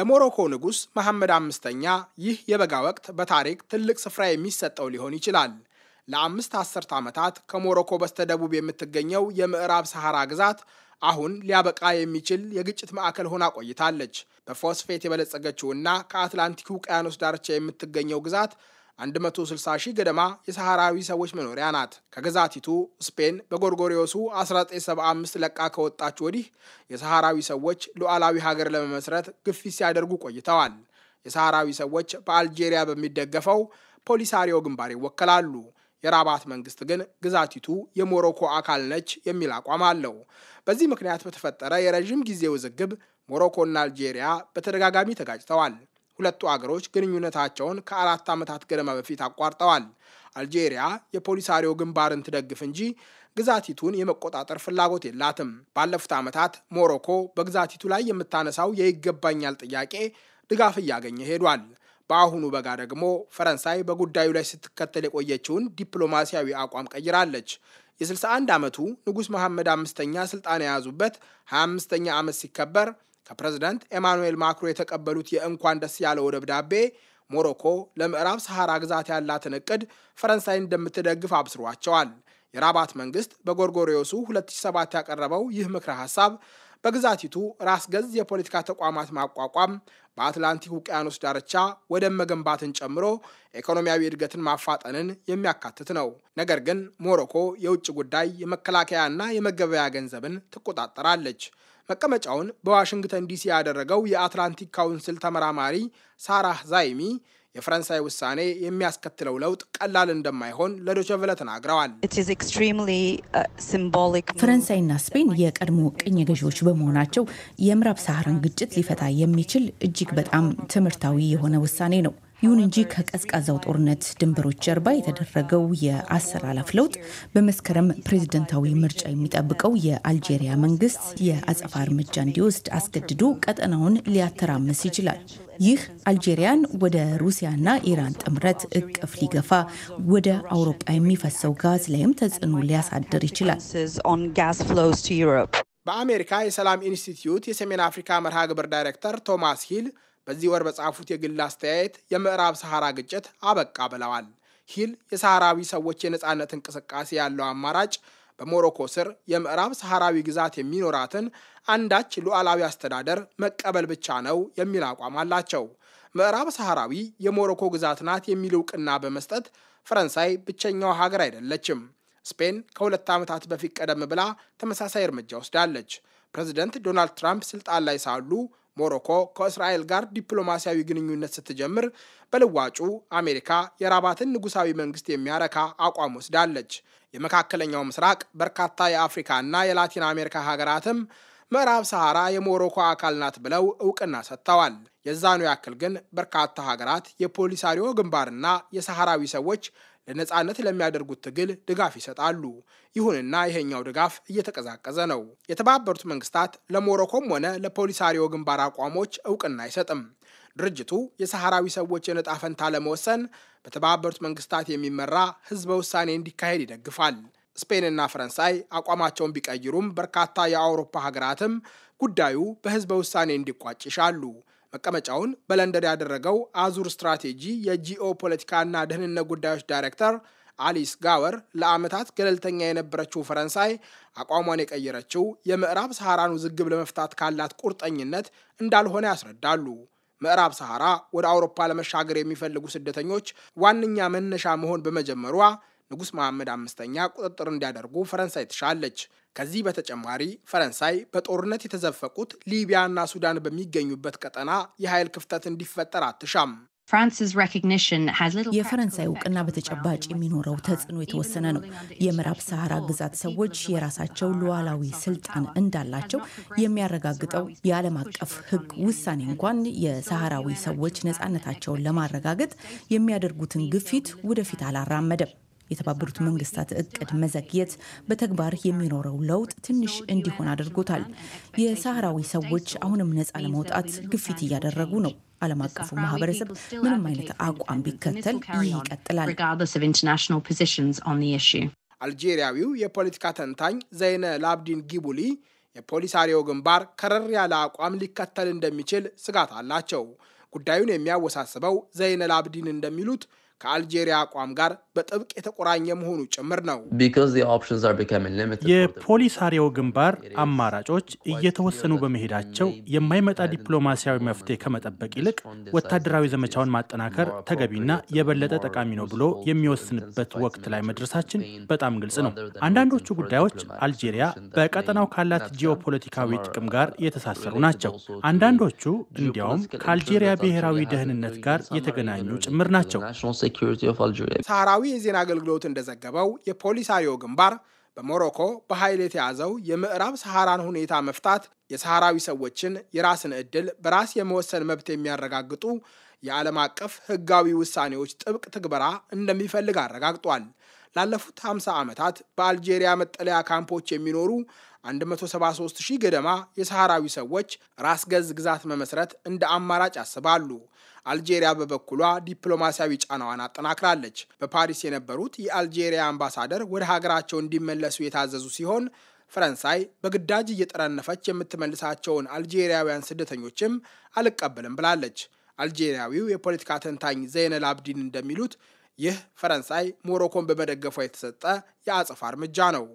ለሞሮኮ ንጉሥ መሐመድ አምስተኛ ይህ የበጋ ወቅት በታሪክ ትልቅ ስፍራ የሚሰጠው ሊሆን ይችላል። ለአምስት አስርት ዓመታት ከሞሮኮ በስተደቡብ የምትገኘው የምዕራብ ሰሐራ ግዛት አሁን ሊያበቃ የሚችል የግጭት ማዕከል ሆና ቆይታለች። በፎስፌት የበለጸገችውና ከአትላንቲክ ውቅያኖስ ዳርቻ የምትገኘው ግዛት 160 ሺህ ገደማ የሰሃራዊ ሰዎች መኖሪያ ናት። ከግዛቲቱ ስፔን በጎርጎሪዮሱ 1975 ለቃ ከወጣች ወዲህ የሰሐራዊ ሰዎች ሉዓላዊ ሀገር ለመመስረት ግፊት ሲያደርጉ ቆይተዋል። የሰሃራዊ ሰዎች በአልጄሪያ በሚደገፈው ፖሊሳሪዮ ግንባር ይወከላሉ። የራባት መንግስት ግን ግዛቲቱ የሞሮኮ አካል ነች የሚል አቋም አለው። በዚህ ምክንያት በተፈጠረ የረዥም ጊዜ ውዝግብ ሞሮኮና አልጄሪያ በተደጋጋሚ ተጋጭተዋል። ሁለቱ አገሮች ግንኙነታቸውን ከአራት ዓመታት ገደማ በፊት አቋርጠዋል። አልጄሪያ የፖሊሳሪዮ ግንባርን ትደግፍ እንጂ ግዛቲቱን የመቆጣጠር ፍላጎት የላትም። ባለፉት ዓመታት ሞሮኮ በግዛቲቱ ላይ የምታነሳው የይገባኛል ጥያቄ ድጋፍ እያገኘ ሄዷል። በአሁኑ በጋ ደግሞ ፈረንሳይ በጉዳዩ ላይ ስትከተል የቆየችውን ዲፕሎማሲያዊ አቋም ቀይራለች። የ61 ዓመቱ ንጉሥ መሐመድ አምስተኛ ስልጣን የያዙበት 25ኛ ዓመት ሲከበር ከፕሬዝደንት ኤማኑኤል ማክሮ የተቀበሉት የእንኳን ደስ ያለው ደብዳቤ ሞሮኮ ለምዕራብ ሰሐራ ግዛት ያላትን እቅድ ፈረንሳይ እንደምትደግፍ አብስሯቸዋል። የራባት መንግስት በጎርጎሪዮሱ 2007 ያቀረበው ይህ ምክረ ሐሳብ በግዛቲቱ ራስ ገዝ የፖለቲካ ተቋማት ማቋቋም፣ በአትላንቲክ ውቅያኖስ ዳርቻ ወደብ መገንባትን ጨምሮ ኢኮኖሚያዊ እድገትን ማፋጠንን የሚያካትት ነው። ነገር ግን ሞሮኮ የውጭ ጉዳይ፣ የመከላከያና የመገበያ ገንዘብን ትቆጣጠራለች። መቀመጫውን በዋሽንግተን ዲሲ ያደረገው የአትላንቲክ ካውንስል ተመራማሪ ሳራህ ዛይሚ የፈረንሳይ ውሳኔ የሚያስከትለው ለውጥ ቀላል እንደማይሆን ለዶቸቨለ ተናግረዋል። uh, ፈረንሳይና ስፔን የቀድሞ ቅኝ ገዢዎች በመሆናቸው የምዕራብ ሳህራን ግጭት ሊፈታ የሚችል እጅግ በጣም ትምህርታዊ የሆነ ውሳኔ ነው። ይሁን እንጂ ከቀዝቃዛው ጦርነት ድንበሮች ጀርባ የተደረገው የአሰላለፍ ለውጥ በመስከረም ፕሬዝደንታዊ ምርጫ የሚጠብቀው የአልጄሪያ መንግስት የአጸፋ እርምጃ እንዲወስድ አስገድዶ ቀጠናውን ሊያተራምስ ይችላል። ይህ አልጄሪያን ወደ ሩሲያና ኢራን ጥምረት እቅፍ ሊገፋ ወደ አውሮፓ የሚፈሰው ጋዝ ላይም ተጽዕኖ ሊያሳድር ይችላል። በአሜሪካ የሰላም ኢንስቲትዩት የሰሜን አፍሪካ መርሃ ግብር ዳይሬክተር ቶማስ ሂል በዚህ ወር በጻፉት የግል አስተያየት የምዕራብ ሰሐራ ግጭት አበቃ ብለዋል። ሂል የሰሐራዊ ሰዎች የነፃነት እንቅስቃሴ ያለው አማራጭ በሞሮኮ ስር የምዕራብ ሰሐራዊ ግዛት የሚኖራትን አንዳች ሉዓላዊ አስተዳደር መቀበል ብቻ ነው የሚል አቋም አላቸው። ምዕራብ ሰሐራዊ የሞሮኮ ግዛት ናት የሚል እውቅና በመስጠት ፈረንሳይ ብቸኛዋ ሀገር አይደለችም። ስፔን ከሁለት ዓመታት በፊት ቀደም ብላ ተመሳሳይ እርምጃ ወስዳለች። ፕሬዚደንት ዶናልድ ትራምፕ ስልጣን ላይ ሳሉ ሞሮኮ ከእስራኤል ጋር ዲፕሎማሲያዊ ግንኙነት ስትጀምር በልዋጩ አሜሪካ የራባትን ንጉሳዊ መንግስት የሚያረካ አቋም ወስዳለች። የመካከለኛው ምስራቅ በርካታ የአፍሪካ እና የላቲን አሜሪካ ሀገራትም ምዕራብ ሰሐራ የሞሮኮ አካል ናት ብለው እውቅና ሰጥተዋል። የዛኑ ያክል ግን በርካታ ሀገራት የፖሊሳሪዮ ግንባርና የሰሃራዊ ሰዎች ለነፃነት ለሚያደርጉት ትግል ድጋፍ ይሰጣሉ። ይሁንና ይሄኛው ድጋፍ እየተቀዛቀዘ ነው። የተባበሩት መንግስታት ለሞሮኮም ሆነ ለፖሊሳሪዮ ግንባር አቋሞች እውቅና አይሰጥም። ድርጅቱ የሰሃራዊ ሰዎች የነጣ ፈንታ ለመወሰን በተባበሩት መንግስታት የሚመራ ህዝበ ውሳኔ እንዲካሄድ ይደግፋል። ስፔንና ፈረንሳይ አቋማቸውን ቢቀይሩም በርካታ የአውሮፓ ሀገራትም ጉዳዩ በህዝበ ውሳኔ እንዲቋጭ ይሻሉ። መቀመጫውን በለንደን ያደረገው አዙር ስትራቴጂ የጂኦ ፖለቲካና ደህንነት ጉዳዮች ዳይሬክተር አሊስ ጋወር ለዓመታት ገለልተኛ የነበረችው ፈረንሳይ አቋሟን የቀየረችው የምዕራብ ሰሐራን ውዝግብ ለመፍታት ካላት ቁርጠኝነት እንዳልሆነ ያስረዳሉ። ምዕራብ ሰሐራ ወደ አውሮፓ ለመሻገር የሚፈልጉ ስደተኞች ዋነኛ መነሻ መሆን በመጀመሯ ንጉሥ መሐመድ አምስተኛ ቁጥጥር እንዲያደርጉ ፈረንሳይ ትሻለች። ከዚህ በተጨማሪ ፈረንሳይ በጦርነት የተዘፈቁት ሊቢያ እና ሱዳን በሚገኙበት ቀጠና የኃይል ክፍተት እንዲፈጠር አትሻም። የፈረንሳይ እውቅና በተጨባጭ የሚኖረው ተጽዕኖ የተወሰነ ነው። የምዕራብ ሰሃራ ግዛት ሰዎች የራሳቸው ሉዓላዊ ስልጣን እንዳላቸው የሚያረጋግጠው የዓለም አቀፍ ሕግ ውሳኔ እንኳን የሰሃራዊ ሰዎች ነፃነታቸውን ለማረጋገጥ የሚያደርጉትን ግፊት ወደፊት አላራመደም። የተባበሩት መንግስታት እቅድ መዘግየት በተግባር የሚኖረው ለውጥ ትንሽ እንዲሆን አድርጎታል። የሳህራዊ ሰዎች አሁንም ነፃ ለመውጣት ግፊት እያደረጉ ነው። ዓለም አቀፉ ማህበረሰብ ምንም አይነት አቋም ቢከተል ይህ ይቀጥላል። አልጄሪያዊው የፖለቲካ ተንታኝ ዘይነ ላብዲን ጊቡሊ የፖሊሳሪዮ ግንባር ከረር ያለ አቋም ሊከተል እንደሚችል ስጋት አላቸው። ጉዳዩን የሚያወሳስበው ዘይነል አብዲን እንደሚሉት ከአልጄሪያ አቋም ጋር በጥብቅ የተቆራኘ መሆኑ ጭምር ነው። የፖሊሳሪዮ ግንባር አማራጮች እየተወሰኑ በመሄዳቸው የማይመጣ ዲፕሎማሲያዊ መፍትሄ ከመጠበቅ ይልቅ ወታደራዊ ዘመቻውን ማጠናከር ተገቢና የበለጠ ጠቃሚ ነው ብሎ የሚወስንበት ወቅት ላይ መድረሳችን በጣም ግልጽ ነው። አንዳንዶቹ ጉዳዮች አልጄሪያ በቀጠናው ካላት ጂኦፖለቲካዊ ጥቅም ጋር የተሳሰሩ ናቸው። አንዳንዶቹ እንዲያውም ከአልጄሪያ ብሔራዊ ደህንነት ጋር የተገናኙ ጭምር ናቸው። ሳራዊ የዜና አገልግሎት እንደዘገበው የፖሊሳሪዮ ግንባር በሞሮኮ በኃይል የተያዘው የምዕራብ ሰሐራን ሁኔታ መፍታት የሰሃራዊ ሰዎችን የራስን ዕድል በራስ የመወሰን መብት የሚያረጋግጡ የዓለም አቀፍ ሕጋዊ ውሳኔዎች ጥብቅ ትግበራ እንደሚፈልግ አረጋግጧል። ላለፉት 50 ዓመታት በአልጄሪያ መጠለያ ካምፖች የሚኖሩ 173 ሺህ ገደማ የሰሐራዊ ሰዎች ራስ ገዝ ግዛት መመስረት እንደ አማራጭ ያስባሉ። አልጄሪያ በበኩሏ ዲፕሎማሲያዊ ጫናዋን አጠናክራለች። በፓሪስ የነበሩት የአልጄሪያ አምባሳደር ወደ ሀገራቸው እንዲመለሱ የታዘዙ ሲሆን ፈረንሳይ በግዳጅ እየጠረነፈች የምትመልሳቸውን አልጄሪያውያን ስደተኞችም አልቀበልም ብላለች። አልጄሪያዊው የፖለቲካ ተንታኝ ዘይነል አብዲን እንደሚሉት ይህ ፈረንሳይ ሞሮኮን በመደገፏ የተሰጠ የአጸፋ እርምጃ ነው።